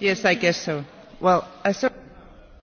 Yes, I guess so. Well, I saw...